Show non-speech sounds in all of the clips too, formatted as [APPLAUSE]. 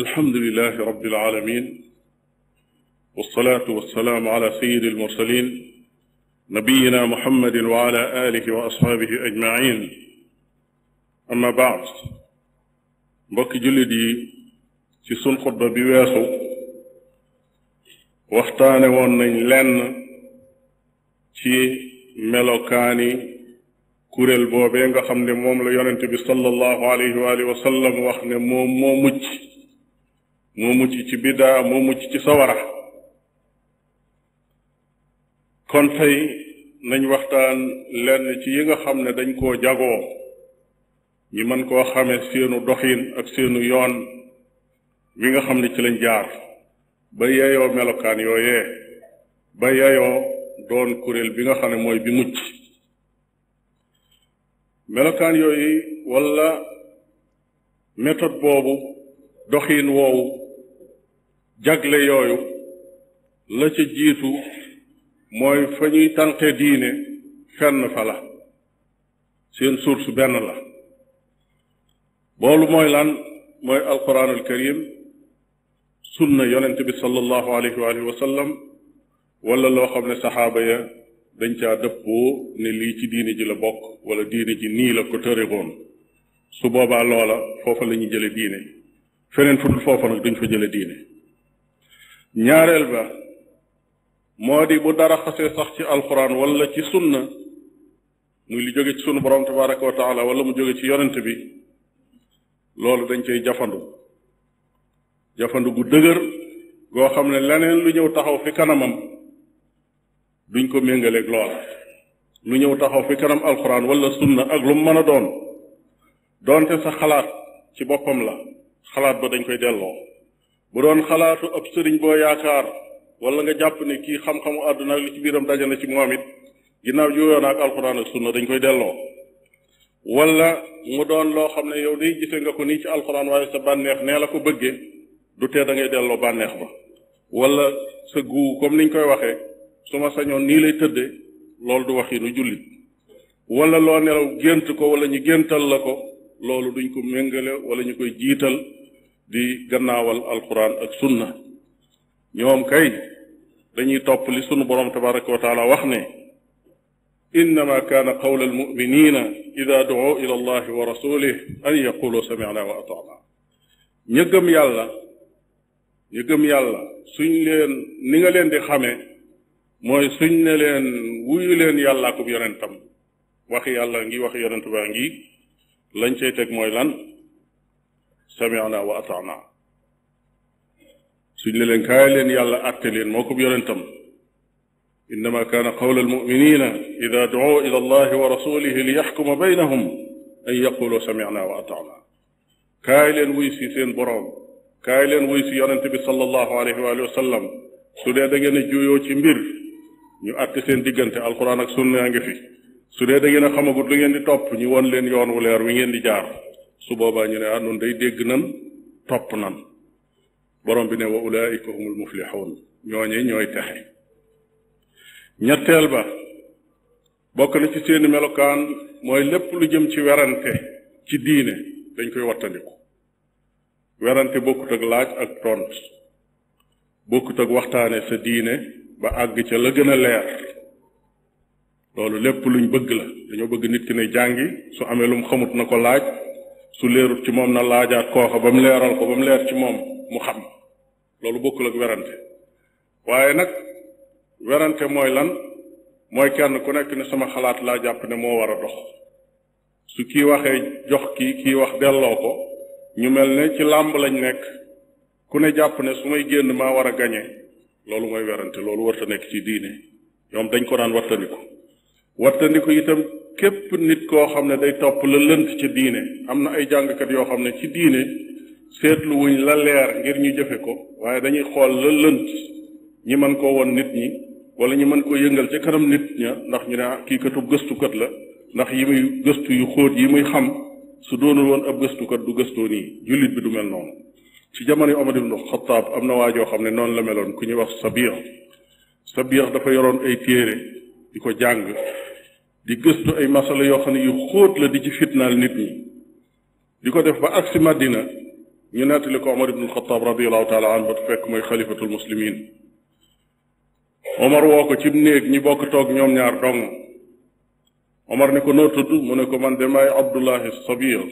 الحمد لله رب العالمين والصلاة والسلام على سيد المرسلين نبينا محمد وعلى آله وأصحابه أجمعين أما بعد بك جلدي في سن خطبة بواسو واختان ونن لن في ملوكاني كوريل بوبينغا خمد موم لا يننتبه صلى الله عليه وآله وسلم واخن موم موم مجي moo mucc ci biddaa moo mucc ci sawara kon tey nañ waxtaan lenn ci yi nga xam ne dañ koo jagoo ñi mën koo xamee seenu doxin ak seenu yoon wi nga xam ne ci lañ jaar ba yeyoo melokaan yooyee ba yeyoo doon kuréel bi nga xam ne mooy bi mucc melokaan yooyu walla metod boobu doxin woowu jagle yooyu la ci jiitu mooy fa ñuy tànqe diine fenn fa la seen source benn la boolu mooy lan mooy alquranul karim sunna yonent bi sallallahu alayhi wa alihi wa sallam wala loo xam ne saxaaba ya dañ ca dëppoo ne lii ci diine ji la bokk wala diine ji nii la ko tëriwoon su boobaa loola foofa la jële diine feneen fu dul foofa nag duñ fa jële diine ñaareel ba moo di bu dara xasee sax ci alquran wala ci sunna muy lu jóge ci sunu borom tabaraka wa taala wala mu jóge ci yonent bi loolu dañ cay jafandu jafandu gu dëgër goo xam ne leneen lu ñëw taxaw fi kanamam duñ ko méngaleeg loola lu ñëw taxaw fi kanam alquran wala na ak lu mu mën a doon doonte sa xalaat ci boppam la xalaat ba dañ koy delloo bu doon xalaatu ab sëriñ boo yaakaar wala nga jàpp ne kii xam-xamu àdduna ak li ci biiram daje na ci moom it ginnaaw yooyoon ak alxuraan ak sunna dañ koy delloo wala mu doon loo xam ne yow day gise nga ko nii ci alxuraan waaye sa bànneex nee la ko bëggee du tee delloo bànneex ba sa guu comme niñ koy waxee su ma sañoon nii lay tëdde loolu du waxinu jullit wala loo nelaw gént ko wala ñu géntal la ko loolu duñ ko méngale wala ñu koy jiital di gannaawal alquran ak sunna ñoom kay dañuy topp li sunu borom tabaraka wa taala wax ne innama kaana qawla almuminina ida duo ila allahi wa rasulih an yaqulu samina wa ataana ña gëm yàlla ñu leen ni nga di xamee mooy suñ ne leen wuyu leen yàlla akub ngi waxi yonent baa ngi lañ cay teg mooy lan سمعنا واطعنا سن لين كاين يلا اكلين موكب يرنتم انما كان قول المؤمنين اذا دعوا الى الله ورسوله ليحكم بينهم ان يقولوا سمعنا واطعنا كاين ويسي سين بروم كاين ويسي يرنتبي صلى الله عليه واله وسلم سودي دغين جويو سي مير ñu atté seen digënté alcorane ak sunna nga fi su dé da ngeen xamagut lu ngeen di top ñu won leen yoon wu leer wi ngeen di jaar su boobaa ñu ne ah day dégg nan topp nan borom bi ne wa ulaayika humul muflixuun ñooñe ñooy texe ñetteel ba bokk na ci seeni melokaan mooy lépp lu jëm ci werante ci diine dañ koy wattandiku werante bokkut laaj ak tont bokkut ak waxtaane sa diine ba àgg ca la gën a leer loolu lépp luñ bëgg la dañoo bëgg nit ki ne jàngi su amee lum xamut na ko laaj su leerut ci moom na laajaat kooka ba mu leeral ko ba mu leer ci moom mu xam loolu bokkul ak werante waaye nag werante mooy lan mooy kenn ku nekk ne sama xalaat laa jàpp ne moo war a dox su kii waxee jox ki ki wax delloo ko ñu mel ne ci làmb lañ nekk ku ne jàpp ne su may génn maa war a gañe loolu mooy werante loolu warta nekk ci diine ñoom dañ ko daan wattandiku wattandiku itam képp nit koo xam ne day topp la lënt ci diine am na ay jàngkat yoo xam ne ci diine seetlu wuñ la leer ngir ñu jëfe ko waaye dañuy xool la lënt ñi mën koo won nit ñi wala ñu mën koo yëngal ci kanam nit ña ndax ñu ne ah, kii katu gëstukat la ndax yi muy gëstu yu xóot yi muy xam su doonul woon ab gëstukat du gëstoo nii jullit bi du mel noonu ci jamono Omar ibn Xataab am na waajoo xam ne noonu la meloon ku ñuy wax sa Sabiix Sabiix dafa yoroon ay téere di ko jàng di gëstu ay masala yoo xam ne yu la di ci fitnaal nit ñi di ko def ba agsi Madina ñu nettali ko Omar ibn Xataab radiallahu taala anhu ba fekk mooy xalifatul muslimin Omar woo ko ci néeg ñi bokk toog ñoom ñaar dong Omar ne ko noo tudd mu ne ko man de maay Abdullahi Sabir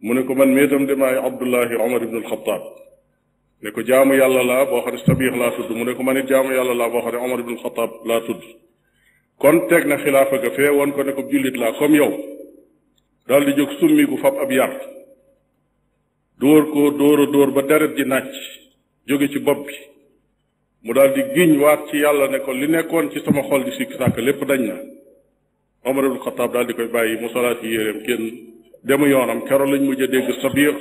mu ne ko man méetam de maay Abdullahi Omar ibn ko jaamu yàlla laa boo xam ne Sabir laa mu ne ko man it jaamu yàlla laa boo xam ne Omar ibn kon teg na xilaafa ga fee woon ko ne ko jullit laa comme yow daal di jóg summi gu fab ab yar dóor ko dóor dóor ba deret ji nàcc jóge ci bopp bi mu daal di giñ waat ci yàlla ne ko li nekkoon ci sama xol di sikk sàkk lépp dañ na Omar ibn Xataab daal di koy bàyyi mu solaat yi yéreem kenn demu yoonam keroon lañ mujj a dégg sabiir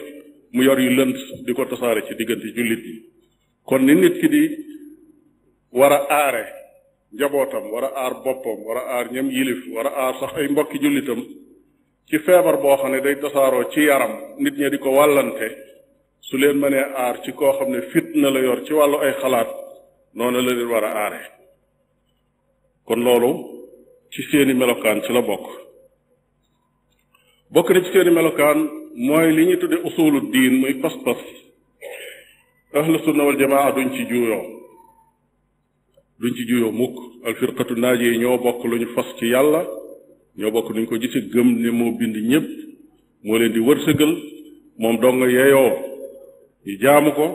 mu yor yu lënd di ko tasaare ci diggante jullit yi kon ni nit ki di war a aare njabootam war a aar boppam war a aar ñam yilif war a aar sax ay mbokki jullitam ci feebar boo xam ne day tasaaroo ci yaram nit ñi di ko wàllante su leen ne aar ci koo xam ne fit na la yor ci wàllu ay xalaat noonu la leen war a aare kon loolu ci seeni melokaan ci la bokk bokk na ci seeni melokaan mooy li ñu tudde usulu diin muy pas-pas ahlu sunna jamaa duñ ci juuyoo duñ ci juyoo mukk al firqatu naaje ñoo bokk lu fas ci yàlla ñoo bokk nuñ ko gise gëm ne moo bind ñëpp moo leen di wërsëgal moom dong yeeyoo ñu jaamu ko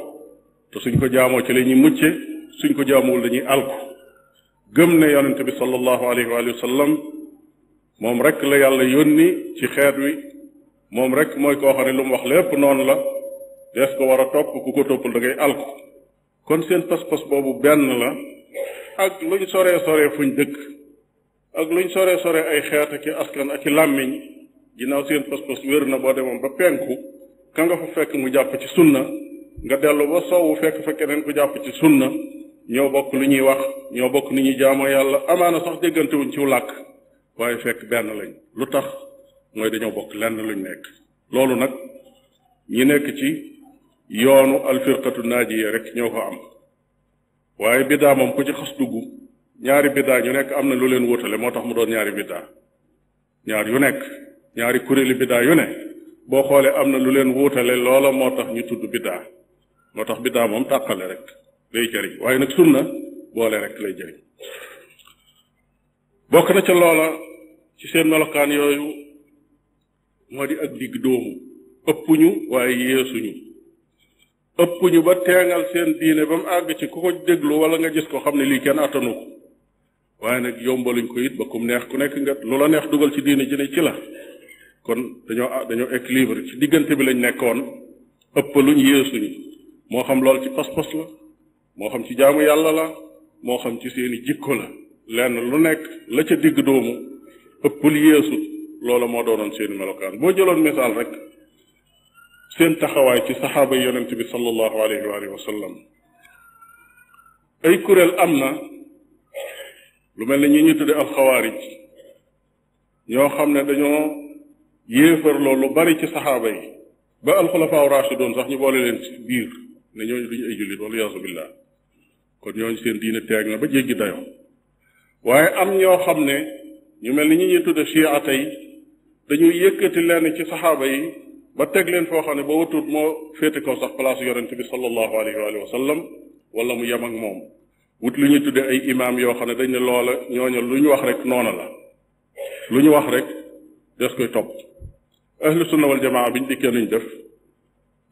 te suñ ko jaamoo ci la ñuy mucce suñ ko jaamuwul dañuy alku gëm ne yonente bi sallallahu alayhi wa sallam moom rek la yàlla yónni ci xeet wi moom rek mooy koo xam ne lu mu wax lépp noonu la dees ko war a topp ku ko toppul da ngay alku kon seen pas-pas boobu benn la ak luñ soree soree fuñ dëkk ak luñ soree soree ay xeet ak askan ak i làmmiñ ginnaaw seen pas-pas wér na boo demoon ba penku ka nga fa fekk mu jàpp ci sunna nga dellu ba soowu fekk fekk keneen ku jàpp ci sunna ñoo bokk lu ñuy wax ñoo bokk nu ñuy jaamoo yàlla amaana sax déggantewuñ ci làkk waaye fekk benn lañ lu tax mooy dañoo bokk lenn luñ nekk loolu nag ñi nekk ci yoonu naaj naajiye rek ñoo ko am waaye biddaa moom ku ci xas dugg ñaari biddaa ñu nekk am na lu leen wóotale moo tax mu doon ñaari biddaa ñaar yu nekk ñaari kuréeli biddaa yu ne boo xoolee am na lu leen wóotale loola moo tax ñu tudd biddaa moo tax biddaa moom tàqale rek day jëriñ waaye nag na boole rek lay jëriñ bokk na ca loola ci seen melokaan yooyu moo di ak digg dóomu ëpp ñu waaye yeesuñu ëpp ñu ba teengal seen diine ba mu àgg ci ku ko déglu wala nga gis ko xam ne lii kenn attanu ko waaye nag yombaluñ ko it ba kum neex ku nekk nga lu la neex dugal ci diine ji ne ci la kon dañoo dañoo équilibre ci diggante bi lañ nekkoon ëpp lu ñu ëppaluñ yeesuñu moo xam lool ci pas-pas la moo xam ci jaamu yàlla la moo xam ci seeni jikko la lenn lu nekk la ca digg doomu ëppul yeesu loolu moo doonoon seeni melokaan boo jëloon misaal rek seen taxawaay ci saxaaba yonent bi sallallahu alayhi wa alihi wa sallam ay kuréel am na lu mel ni ñi ñu tudde alxawaarij ñoo xam ne dañoo yéefarloo lu bari ci saxaaba yi ba alxulafaa raashidoon sax ñu boole leen ci biir ne ñooñu duñu ay jullit wala yaasu kon ñooñu seen diine na ba jéggi dayo waaye am ñoo xam ne ñu mel ni ñi ñuy tudde shiata yi dañuy yëkkati leen ci saxaaba yi ba teg leen foo xam ne ba watuut moo féete kaw sax place yonente bi sallallahu alayhi wa sallam wala mu yem moom wut lu ñu tuddee ay imaam yoo xam ne dañ ne ñoo ñooñu lu ñu wax rek noona la lu ñu wax rek des koy topp ahlu sunna wal jamaa biñ dikkee nuñ def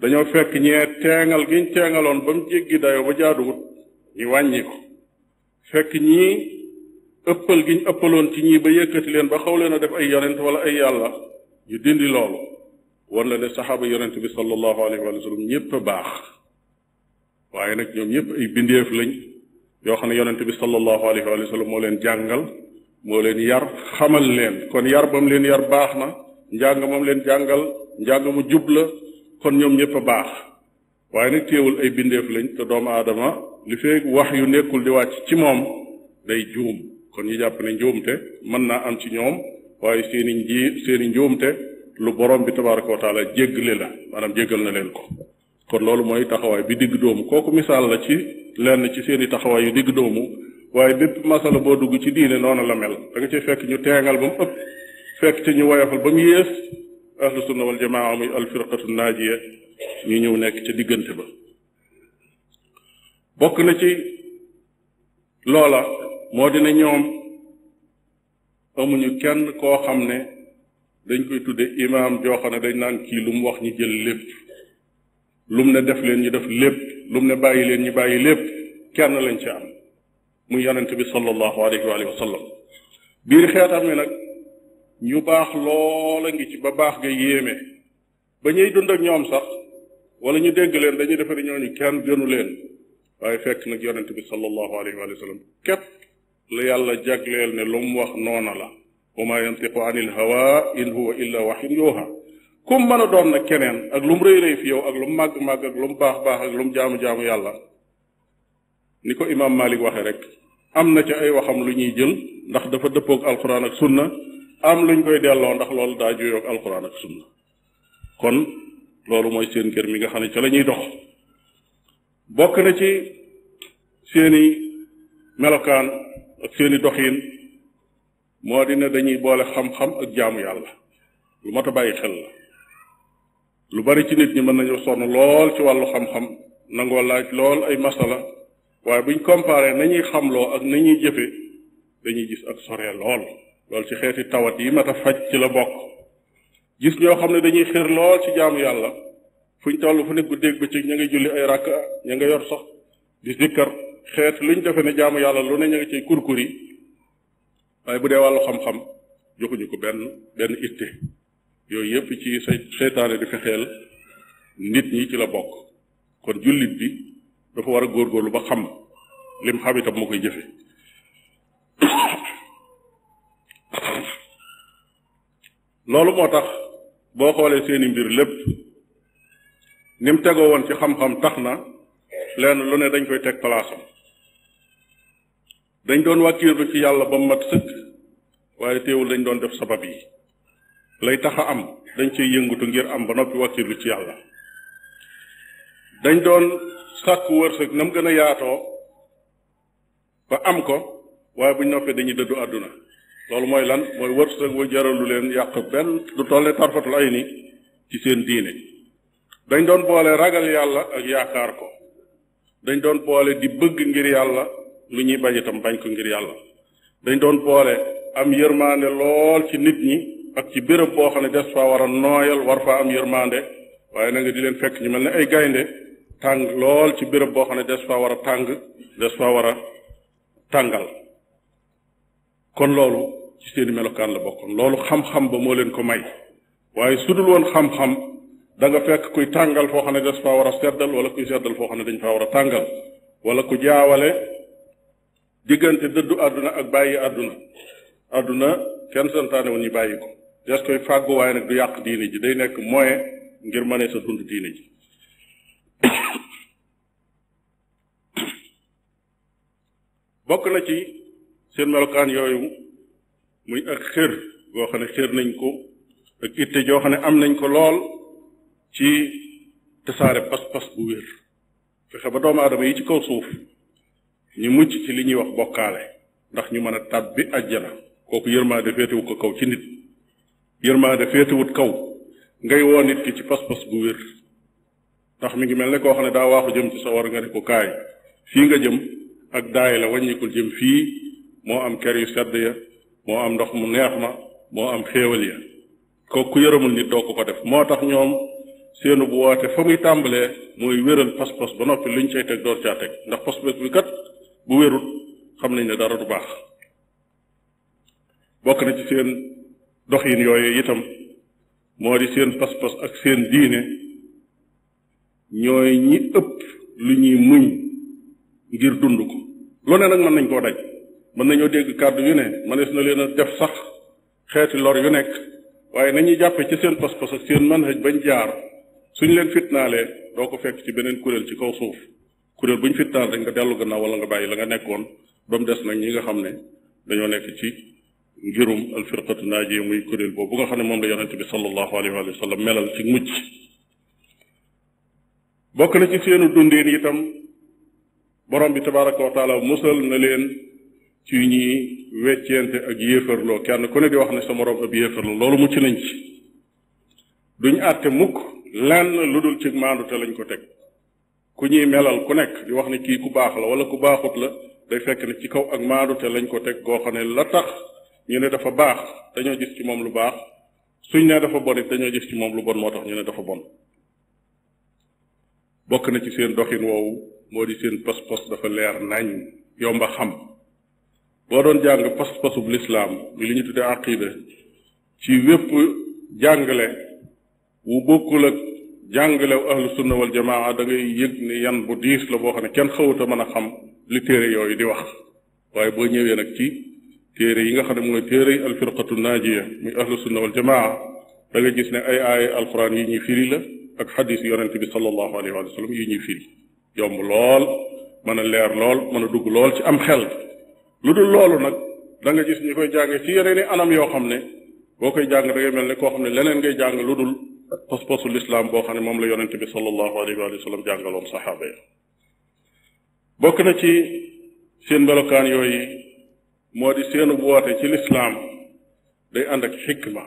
dañoo fekk ñee teengal giñ teengaloon ba mu jéggi dayoo ba jaaduwut ñi wàññi ko fekk ñii ëppal giñ ëppaloon ci ñii ba yëkkati leen ba xaw leen a def ay yonent wala ay yàlla ñu dindi loolu wan la ne saxaaba yonent bi sallallahu alayhi wa sallam ñëpp a baax waaye nag ñoom ñëpp ay bindeef lañ yoo xam ne yonent bi sallallahu alayhi wa sallam moo leen jàngal moo leen yar xamal leen kon yar leen yar baax na njàng moom leen jàngal njàng mu jub kon ñoom ñëpp a baax waaye nag téewul ay bindeef lañ te doomu aadama li fee wax yu nekkul di wàcc ci moom day juum kon ñu jàpp ne njuumte mën naa am ci ñoom waaye seeni nji seeni njuumte lu borom bi tabaraka wa taala jéggale la maanaam jéggal na leen ko kon loolu mooy taxawaay bi digg doomu kooku misaal la ci lenn ci seeni taxawaay yu digg doomu waaye bépp masala boo dugg ci diine noonu la mel da nga ci fekk ñu teengal ba mu ëpp fekk ci ñu woyofal ba mu yées ahlu sunna wal jamaa muy alfirqatu ñu ñëw nekk ca diggante bokk na ci loola moo dina ñoom amuñu kenn koo xam ne dañ koy tudde imaam joo xam dañ naan kii lu mu wax ñu jël lépp lu mu ne def leen ñu def lépp lu mu ne bàyyi leen ñu bàyyi lépp kenn lañ ci am muy yonent bi sallallahu alayhi wa sallam biir xeetam mi nag ñu baax loola ngi ci ba baax ga yéeme ba ñuy dund ak ñoom sax wala ñu dégg leen dañuy defari ñooñu kenn gënu leen waaye fekk nag yonent bi sallallahu alayhi wa sallam képp la yàlla jagleel ne lu mu wax noona la wa maa yantiqu an il hawa in huwa illa waxin yooha kum mën a doon nag keneen ak lu mu rëy rëy fi yow ak lu mu màgg màgg ak lu mu baax baax ak lu mu jaamu jaamu yàlla ni ko imaam Malik waxe rek am na ci ay waxam lu ñuy jël ndax dafa dëppoog alquran ak sunna am luñ koy delloo ndax loolu daa juyoog alquran ak sunna kon loolu mooy seen kër mi nga xam ne ci la ñuy dox bokk na ci seeni melokaan ak seeni doxin moo di ne dañuy boole xam-xam ak jaamu yàlla lu mat a bàyyi xel la lu bari ci nit ñi mën nañu sonn lool ci wàllu xam-xam nangoo laaj lool ay masala waaye buñ comparé nañuy xamloo ak nañuy jëfe dañuy gis ak sore lool lool ci xeeti tawat yi mat a faj ci la bokk gis ñoo xam ne dañuy xir lool ci jaamu yàlla fuñ toll fu ne guddeeg ci ñu ngi julli ay rakka ña ngi yor sax di zikkar xeet ñu defe ne jaamu yàlla lu ne ña ngi cay kurkuri waaye bu dee wàllu xam-xam joxuñu ko benn benn itte yooyu yëpp ci seytaane di fexeel nit ñi ci la bokk kon jullit bi dafa war a góorgóorlu ba xam lim xam itam moo koy jëfe [COUGHS] loolu moo tax boo xoolee seeni mbir lépp ni mu tegoo woon ci xam-xam tax na lenn lu ne dañ koy teg palaasam dañ doon wàkkiirlu ci yàlla ba mat sëkk waaye teewul dañ doon def sabab yi lay taxa am dañ ciy yëngutu ngir am ba noppi wàkkiirlu ci yàlla dañ doon sàkk wërsëg nam gën a yaatoo ba am ko waaye buñ noppee dañuy dëddu àdduna loolu mooy lan mooy wërsëg wu jaralu leen yàq benn du tolle tarfatul ay ni ci seen diine dañ doon boole ragal yàlla ak yaakaar ko dañ doon boole di bëgg ngir yàlla lu ñuy bañ tam bañ ko ngir yàlla dañ doon boole am yërmande lool ci nit ñi ak ci bërëb boo xam ne des faa war a nooyal war faa am yërmande waaye na nga leen fekk ñu mel ne ay gaynde tàng lool ci béréb boo xam ne des faa war a tàng des faa war a tàngal kon loolu ci seeni melokaan la bokkoon loolu xam-xam ba moo leen ko may waaye su woon xam-xam da fekk kuy tàngal foo xam ne des faa war a seddal wala kuy seddal foo xam ne dañ faa war a tàngal wala ku jaawale diggante dëddu àdduna ak bàyyi àdduna àdduna kenn santaane wu ñu bàyyi ko des koy fàggu waaye nag du yàq diine ji day nekk moyen ngir mënee sa dund diine ji bokk na ci seen melokaan yooyu muy ak xër goo xam ne xër nañ ko ak itte joo xam ne am nañ ko lool ci tasaare pas-pas bu wér fexe ba doomu aadama yi ci kaw suuf ñu mucc ci li ñuy wax bokkaale ndax ñu mën a tàbbi àjjana kooku yërmaande féetewu ko kaw ci nit yërmaande féetewut kaw ngay woo nit ki ci pas-pas bu wér ndax mi ngi mel ne koo xam ne daa waaxu jëm ci war nga ne ko kaay fii nga jëm ak daay la wàññikul jëm fii moo am ker yu sedd ya moo am ndox mu neex ma moo am xéewal ya kooku ku yërëmul nit doo ko ko def moo tax ñoom seenu bu woote fa muy tàmbalee mooy wéral pas-pas ba noppi luñ cay teg door caa teg ndax bu wérut xam nañ ne dara du baax bokk nañ ci seen doxin yooyu itam moo di seen pas-pas ak seen diine ñooy ñi ëpp lu ñuy muñ ngir dund ko lu ne nag mën nañ koo daj mën nañoo dégg kàddu yu ne mënees na leen a def sax xeeti lor yu nekk waaye nañuy jàppee ci seen pas-pas ak seen manhaj bañ jaar suñu leen fitnaalee doo ko fekk ci beneen kuréel ci kaw suuf kuréel bu ñu fitnaal rek nga dellu gannaaw wala nga bàyyi la nga nekkoon ba mu des nag ñi nga xam ne dañoo nekk ci ngirum alfirqatu naajiya muy kuréel boobu nga xam ne moom la yonent bi sallallahu alayhi wa sallam melal ci mucc bokk na ci seenu dundeen borom bi tabaraka wa leen ci ñuy weccente ak yéefarloo kenn ku wax ne sa moroom ab yéefar la loolu mucc nañ ci duñ àtte mukk lenn lu dul ci maandu te lañ ko teg ku ñuy melal ku nekk di wax ne kii ku baax la wala ku baaxut la day fekk ne ci kaw ak maadute lañ ko teg goo xam ne la tax ñu ne dafa baax dañoo gis ci moom lu baax suñ ne dafa bon it dañoo gis ci moom lu bon moo tax ñu ne dafa bon bokk na ci seen doxin woowu moo di seen pas-pas dafa leer nañ yomb xam boo doon jàng pas-pasub lislaam li ñu tuddee aqida ci wépp jàngale wu bokkul ak jàngalew ahlu sunna wal jamaa da ngay yëg ne yan bu diis la boo xam ne kenn xawut a mën a xam li téere yooyu di wax waaye boo ñëwee nag ci téere yi nga xam ne mooy téere yi alfirqatu naajiya muy ahlu sunna wal jamaa da nga gis ne ay aaya alquran yi ñuy firi la ak xadis yonent bi sallallahu alayhi wa sallam yi ñuy firi yomb lool mën a leer lool mën a dugg lool ci am xel lu dul loolu nag da nga gis ñu koy jànge ci yeneen anam yoo xam ne boo koy jàng da ngay mel ne koo xam ne leneen ngay jàng lu dul ak pos-posu lislaam boo xam ne moom la yonent bi sallallahu alayhi wa sallam jàngaloon saxaaba ya bokk na ci seen melokaan yooyu moo di seenu woote ci lislaam day ànd ak xikma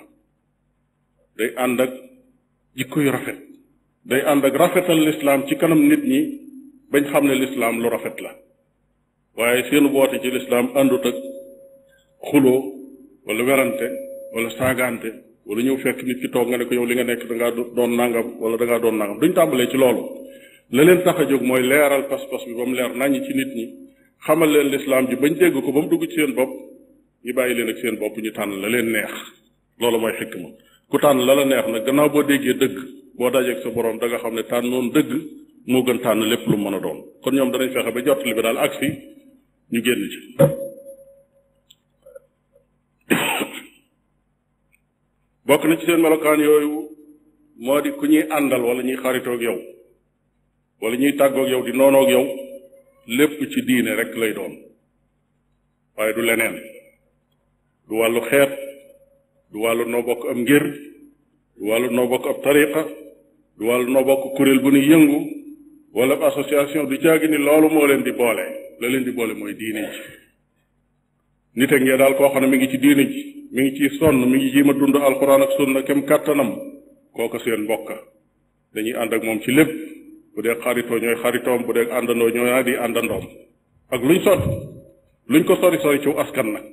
day ànd ak jikko rafet day ànd ak rafetal lislaam ci kanam nit ñi bañ xam ne lislaam lu rafet la waaye seen woote ci lislaam àndut ak xuloo wala werante wala saagaante wala ñëw fekk nit ki toog nga ne ko yow li nga nekk da ngaa doon nangam wala da doon nangam duñ tàmbalee ci loolu la leen tax a jóg mooy leeral pas-pas bi ba mu leer naññ ci nit ñi xamal leen lislaam ji bañ dégg ko ba mu dugg ci seen bopp ñu bàyyi leen ak seen bopp ñu tànn la leen neex loolu mooy xikma ku tànn la la neex na gannaaw boo déggee dëgg boo dajeeg sa boroom danga xam ne tànnoon dëgg moo gën tànn lépp lu mën a doon kon ñoom danañ fexe ba jottali bi daal agsi ñu génn bokk na ci seen melokaan yooyu moo di ku ñuy àndal wala ñuy xaritoog yow wala ñuy tàggoog yow di noonoog yow lépp ci diine rek lay doon waaye du leneen du wàllu xeet du wàllu noo bokk am ngir du wàllu noo bokk ab tariqa du wàllu noo bokk kuréel bu ñuy yëngu wala ab association du jaagi ni loolu moo leen di boole la leen di boole mooy diine ji nit ak ngee daal koo xam ne mu ngi ci diine ji mu ngi ci sonn mi ngi jéem ma dund alxuraan ak sunna kem kàttanam kooka seen mbokka dañuy ànd ak moom ci lépp bu dee xaritoo ñooy xaritoom bu dee àndandoo ñooy naa ak luñ sot luñ ko sori ci askan nag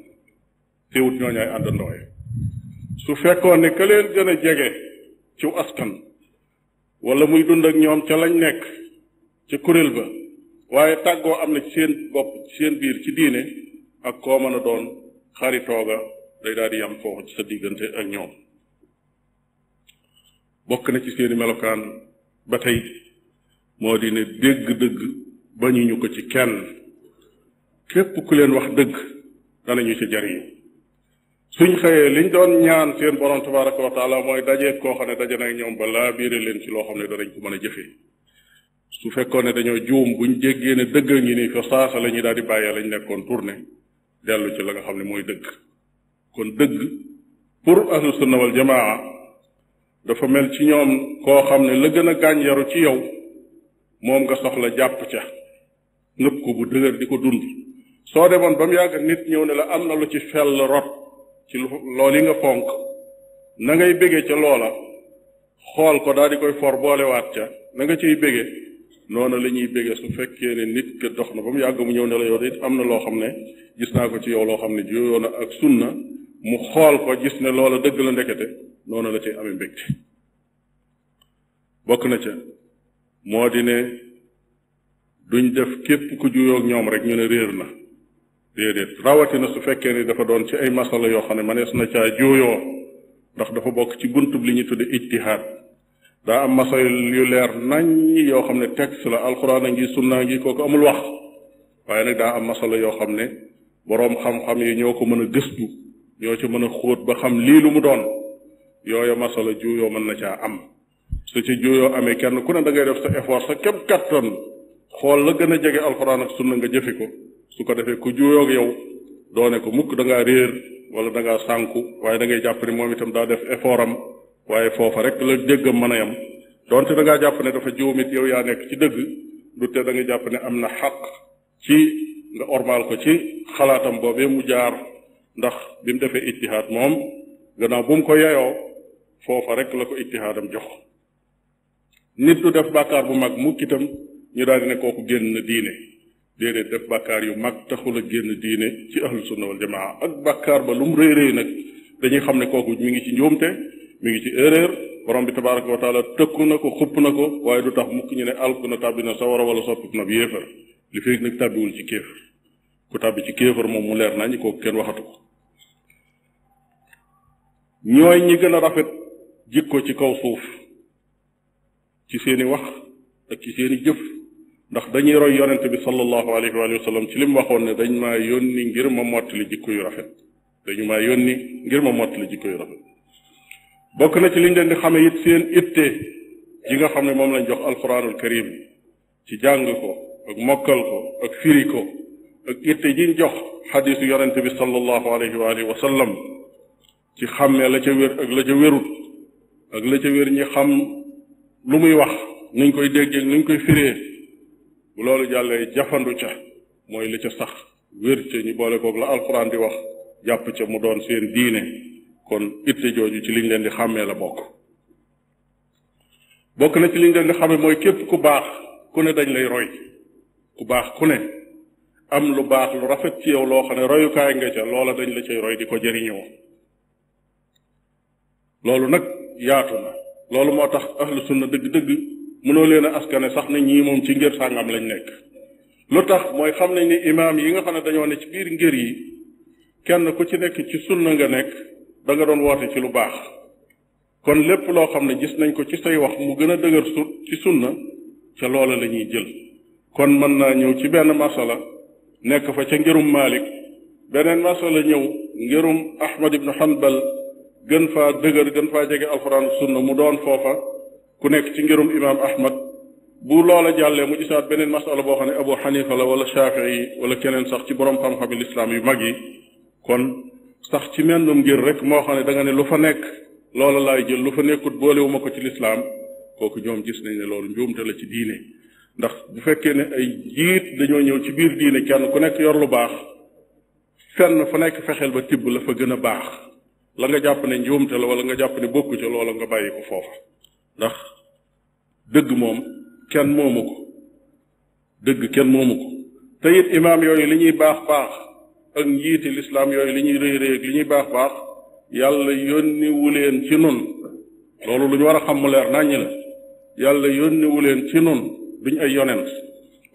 teewut su fekkoon ne ka leen gën jege ci askan wala muy dund ak ñoom ca lañ nekk ca kuréel ba waaye tàggoo am na ci seen bopp ci seen biir ci diine ak koo mën a doon xaritooga day daal di yam foofu ci sa diggante ak ñoom bokk na ci seeni melokaan ba tey moo di ne dégg-dëgg bañuñu ko ci kenn képp ku leen wax dëgg danañu ci jariñu suñ xëyee liñ doon ñaan seen borom tabaraka wa taala mooy dajee koo xam ne daje nag ñoom ba laa biire leen ci loo xam ne danañ ko mën a jëfee su fekkoon ne dañoo juum buñ jéggee ne dëgg ngi nii fa saasa la ñuy daal di bàyyee lañ nekkoon tourné dellu ci la nga xam ne mooy dëgg kon dëgg pour ahlu sunna wal jamaa dafa mel ci ñoom koo xam ne la gën a gànjaru ci yow moom nga soxla jàpp ca nëpp ko bu dëgër di ko dund soo demoon ba mu yàgg nit ñëw ne la am na lu ci fell rot ci lu lool yi nga fonk na ngay bége ca loola xool ko daal di koy for boolewaat ca na nga ciy bége noonu la ñuy bége su fekkee ne nit ka dox na ba mu yàgg mu ñëw ne la yow it am na loo xam ne gis naa ko ci yow loo xam ne juyoon ak na mu xool ko gis ne loola dëgg la ndekete noonu la ci ame mbégte bokk na ca moo di ne duñ def képp ku juyoog ñoom rek ñu ne réer na déedéet rawatina su fekkee ni dafa doon ci ay masala yoo xam ne manees na caa juuyoo ndax dafa bokk ci buntub li ñu tudde ijtihaad daa am masal yu leer nañ yoo xam ne texte la alxuraan a ngi sunnaa ngi kooku amul wax waaye nag daa am masala yoo xam ne boroom xam-xam yi ñoo ko mën a gëstu ñoo ci mën a xóot ba xam lii lu mu doon yooya masala juuyoo mën na caa am su ci juuyoo amee kenn ku ne da ngay def sa effort sa képp kattan xool la gën a jege alxuraan ak sunna nga jëfi ko su ko defee ku juuyoog yow doone ko mukk da ngaa réer wala dangaa ngaa waaye dangay ngay moom itam daa def effort am waaye foofa rek la déggam mën a yam donte da ngaa jàpp ne dafa juumit yow yaa nekk ci dëgg du te da nga jàpp ne am na xaq ci nga ormaal ko ci xalaatam boobee mu jaar ndax bi mu defee ittihaad moom gannaaw bu mu ko yeyoo foofa rek la ko ittihaadam jox nit du def bàkkaar bu mag mukk itam ñu daal di ne kooku génn na diine déedéet def bàkkaar yu mag taxul a génn diine ci ahlu sunna wal jamaa ak bàkkaar ba lu mu rëy nag dañuy xam ne kooku mi ngi ci njuumte mu ngi ci erreur borom bi tabaraka wa taala tëkku na ko xupp na ko waaye du tax mukk ñu ne alku na tàbbi na sawara wala soppib na bi yéefar li fekk nag tàbbiwul ci kéefar ku tàbbi ci kéefar moom mu leer nañu kooku kenn waxatu ko ñooy ñi gën a rafet jikko ci kaw suuf ci seeni wax ak ci seeni jëf ndax dañuy roy yonent bi sallallahu alayhi wa sallam ci lim waxoon ne dañ maa yónni ngir ma mottali jikko yu rafet dañu maa yónni ngir ma mottali jikko yu rafet bokk na ci liñ leen di xame it seen itte ji nga xam ne moom lañ jox alquranul karim ci jàng ko ak mokkal ko ak firi ko ak itte jiñ jox xadiisu yonent bi sallallahu alayhi wa sallam ci xàmmee la ca wér ak la ca wérut ak la ca wér ñi xam lu muy wax nuñ koy déggee nuñ koy firee bu loolu jàllee jafandu ca mooy la ca sax wér ca ñu boole koog la alxuraan di wax jàpp ca mu doon seen diine kon itte jooju ci liñ leen di xàmmee la bokk bokk na ci liñ leen di xàmmee mooy képp ku baax ku ne dañ lay roy ku baax ku ne am lu baax lu rafet ci yow loo xam ne royukaay nga ca loola dañ la cay roy di ko jëriñoo loolu nag yaatu na loolu moo tax ahlu sunna dëgg-dëgg mënoo leen a askane sax na ñii moom ci ngir sàngam lañ nekk lu tax mooy xam nañ ni imaam yi nga xam ne dañoo ne ci biir ngir yi kenn ku ci nekk ci sunna nga nekk danga doon woote ci lu baax kon lépp loo xam ne gis nañ ko ci say wax mu gën a dëgër su ci sunna ca loola la ñuy jël kon mën naa ñëw ci benn masala nekk fa ca ngirum Malik beneen masala ñëw ngirum Ahmad ibn Hanbal gën faa dëgër gën faa jege alxuraan sunna mu doon foofa ku nekk ci ngirum imaam ahmad bu loola jàllee mu gisaat beneen masala boo xam ne abu xanifa la wala shafii wala keneen sax ci borom xam-xami lislaam yu mag yi kon sax ci mennum ngir rek moo xam ne da nga ne lu fa nekk loola laay jël lu fa nekkut boolewuma ko ci lislaam kooku ñoom gis nañ ne loolu njuumte la ci diine ndax bu fekkee ne ay jiit dañoo ñëw ci biir diine kenn ku nekk yor lu baax fenn fa nekk fexeel ba tibb la fa gën a baax la nga jàpp ne njuumte la wala nga jàpp ne bokku ca loola nga bàyyi ko foofa ndax dëgg moom kenn moomu ko dëgg kenn moomu ko te it imaam yooyu li ñuy baax baax ak njiiti lislaam yooyu li ñuy rëy rëy ak li ñuy baax baax yàlla yónni wu leen ci nun loolu lu ñu war a xam mu leer naññi la yàlla yónni leen ci nun duñ ay yonent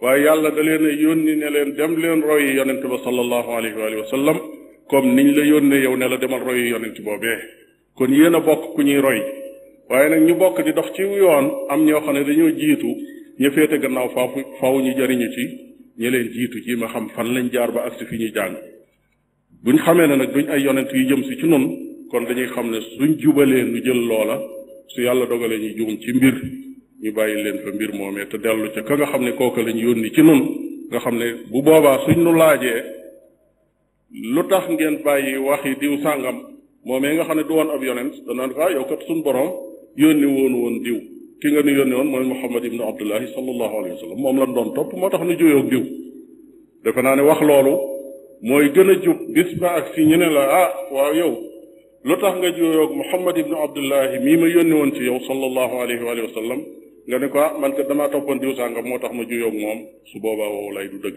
waaye yàlla da leen a yónni ne leen dem leen royi yonent ba sallallahu alayhi wa sallam comme niñ la yónnee yow ne la demal royu yonent boobee kon yéen a bokk ku ñuy roy waaye nag ñu bokk di dox ci yoon am ñoo xam ne dañoo jiitu ñu féete gannaaw faw ñu jariñu ci ñi jiitu ci ma xam fan lañ jaar ba agsi fi ñu jàng buñ xamee ne nag duñ ay yonent yu jëm si ci nun kon dañuy xam ne suñ jubalee nu jël loola su yàlla dogalee ñu juum ci mbir ñu bàyyi leen fa mbir moomee te dellu ca ka nga xam ne kooka lañ yónni ci nun nga xam ne bu boobaa suñ nu laajee lu tax ngeen bàyyi waxi diw sàngam moomee nga xam ne du woon ab yonent danaan ko ah, yow kat suñ borom yónni woon woon diw ki nga nu yónni woon mooy muhammad ibnu abdullahi sallallahu alayhi wa sallam moom lan doon moo tax nu juyoog diw defe naa ne wax loolu mooy gën a jub bis ba ak si ñu ne la ah waaw yow lu tax nga juyoog muhammad ibnu abdullahi mii ma yónni woon ci yow sallallahu alayhi wa sallam nga ne ko ah man kat damaa toppoon diw sàngam moo tax ma juyoog moom su boobaa woowu lay du dëgg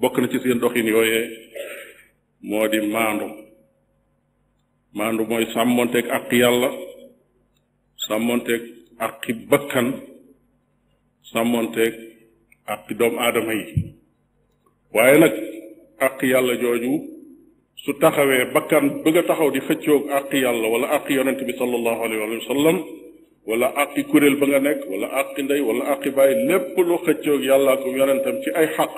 bokk na ci seen doxin yooyee moo di maandu maandu mooy sàmmonteeg àq yàlla sàmmonteeg àqi bakkan sàmmonteeg àqi doomu aadama yi waaye nag àq yàlla jooju su taxawee bakkan bëgg a taxaw di xëccoog àq yàlla wala àq yonent bi sallallahu alayhi wa sallam wala àqi kuréel ba nga nekk wala àqi ndey wala àqi bàyyi lépp lu xëccoog yàlla ko yonentam ci ay xaq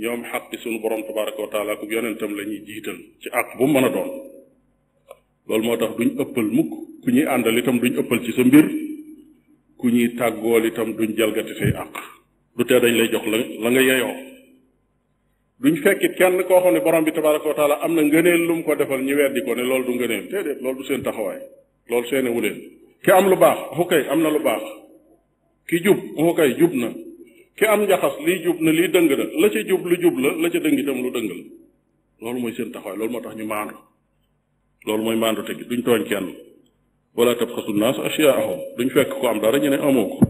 ñoom xaqi sunu borom tabaraka wa taala ku yonentam la ñuy jiital ci àq bu mu mën a doon loolu moo tax duñ ëppal mukk ku ñuy àndal itam duñ ëppal ci sa mbir ku ñuy tàggool itam duñ jalgati say àq du tee dañ lay jox la la nga yeyoo duñ fekkit kenn koo xam ne borom bi tabaraka wa am na ngëneel lu mu ko defal ñi weddi ko ne loolu du ngëneel déedéet loolu du seen taxawaay loolu seene wuleen ki am lu baax axu am na lu baax ki jub axu kay jub na ki am njaxas lii jub na lii dëng na la ca jub lu jub la la ca dëng itam lu dëng la loolu mooy seen taxawaay loolu moo tax ñu maandu loolu mooy maandu tegi duñ tooñ kenn wala tabxasu naas asyaahum duñ fekk ko am dara ñu ne amoo ko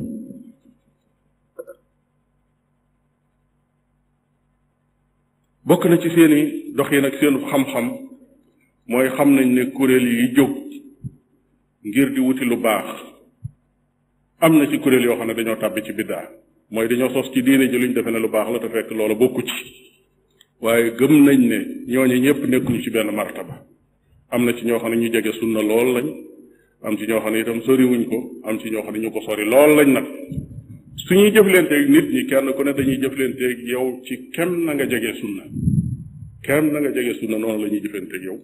bokk na ci yi doxin ak seen xam-xam mooy xam nañ ne kuréel yi jóg ngir di wuti lu baax am na ci kuréel yoo xam ne dañoo tàbbi ci biddaa mooy dañoo sos ci diine ji luñ defe ne lu baax la te fekk loola bokku ci waaye gëm nañ ne ñooñu ñëpp nekkuñu ci benn martaba am na ci ñoo xam ne ñu jege sunna lool lañ am ci ñoo xam ne itam soriwuñ ko am ci ñoo xam ko sori lool lañ nag suñuy jëflanteeg nit ñi kenn ku ne dañuy jëflanteeg yow ci kem na nga jege sunna kem na nga jege sunna noonu la ñuy jëflanteeg yow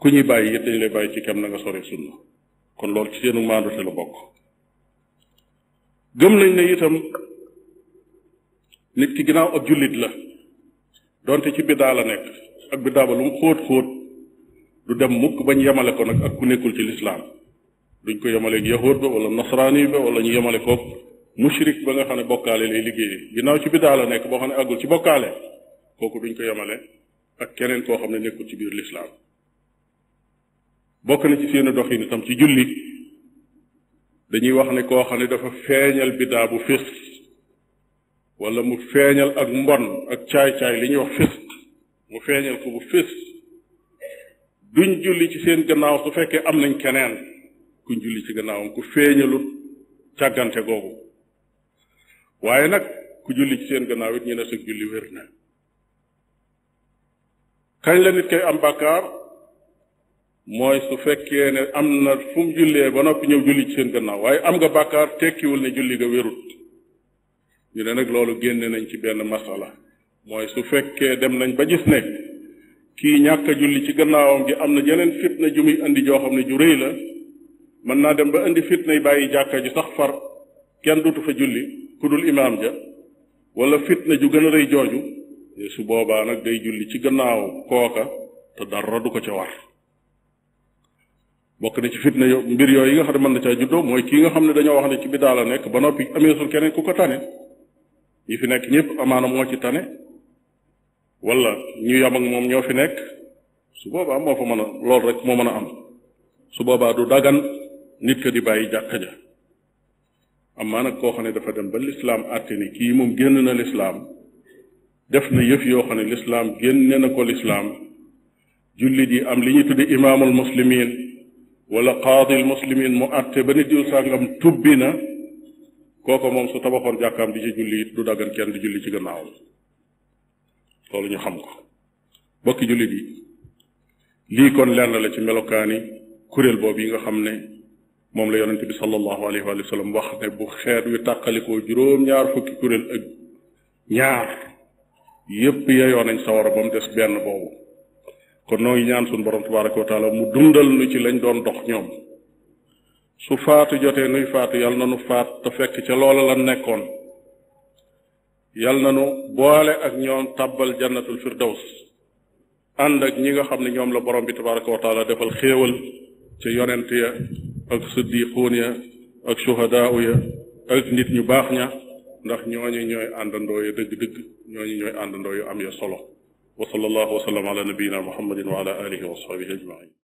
ku ñuy bàyyi it dañ lay bàyyi ci kem na nga sori sunna kon lool ci seenu maandute la bokk gëm nañ ne itam nit ki ginnaaw ak jullit la donte ci biddaa la nekk ak biddaa ba lu mu xóot xóot du dem mukk bañ yemale ko nag ak ku nekkul ci lislaam duñ ko yemaleeg yahud ba wala nasraani ba wala ñu yemale koog mushrik ba nga xam ne bokkaale lay liggéeyee ginnaaw ci biddaa la nekk boo xam ne àggul ci bokkaale kooku duñ ko yemale ak keneen koo xam ne nekkul ci biir lislaam bokk na ci seen doxin itam ci julli dañuy wax ne koo xam ne dafa feeñal biddaa bu fisq wala mu feeñal ak mbon ak caay-caay li ñuy wax fisq mu feeñal ko bu fisq duñ julli ci seen gannaaw su fekkee am nañ keneen kuñ julli ci gannaawam ku feeñalu càggante googu waaye nag ku julli ci seen gannaaw it ñu ne julli wér na kañ la nit kay am bàkkaar mooy su fekkee ne am na fu mu jullee ba noppi ñëw julli ci seen gannaaw waaye am nga bàkkaar tekkiwul ne julli nga wérut ñu ne nag loolu génne nañ ci benn masala mooy su fekkee dem nañ ba gis ne kii ñàkk julli ci gannaawam gi am na jeneen fitna ju indi joo xam ne ju rëy la mën naa dem ba indi fitna yi bàyyi jàkka ji sax far kenn dutu fa julli ku dul imaam ja wala fitna ju gën a rëy jooju su boobaa nag day julli ci gannaaw kooka te dara du ko ca war bokk na ci fitna yo mbir yooyu yi nga xam ne mën na caa juddoo mooy kii nga xam ne dañoo wax ne ci bidaa a nekk ba noppi ameesul keneen ku ko tane ñi fi nekk ñëpp amaana moo ci tane wala ñu yam moom ñoo fi nekk su boobaa moo fa mën a lool rek moo mën a am su boobaa du dagan nit ka di bàyyi jàkka ja amaa nag koo xam ne dafa dem ba lislaam àtte ni kii moom génn na lislaam def na yëf yoo xam ne lislaam génne na ko lislaam jullit yi am li ñu tuddi imaamul muslimin wala qaadil muslimin mu àtte ba nit diw sàngam tubbi na kooko moom su tabaxoon jàkkaam di ci julli it du daggan kenn di julli ci gannaawam loolu ñu xam ko bokki jullit yi lii kon lenn la ci melokaani kuréel boobu yi nga xam ne moom la yonente bi sallallahu alayhi wa wax ne bu xeet wi tàqalikoo juróom-ñaar fukki kuréel ak ñaar yépp yeyoon nañ sawara ba mu des benn boobu kon noo ngi ñaan suñu borom tabaraka mu dundal nu ci lañ doon dox ñoom su faatu jotee nuy faatu yàlla na nu faat te fekk ca loola la nekkoon yàlla na nu boole ak ñoom tàbbal jannatul firdaws ànd ak ñi nga xam ne ñoom la borom bi tabaraka defal xéewal ca yonent ya ak siddiquun ya ak suhadaau ya ak nit ñu baax ña ndax ñooñu ñooy àndandoo ya dëgg-dëgg ñooñu ñooy àndandoo yu am ya solo وصلى الله وسلم على نبينا محمد وعلى آله وصحبه أجمعين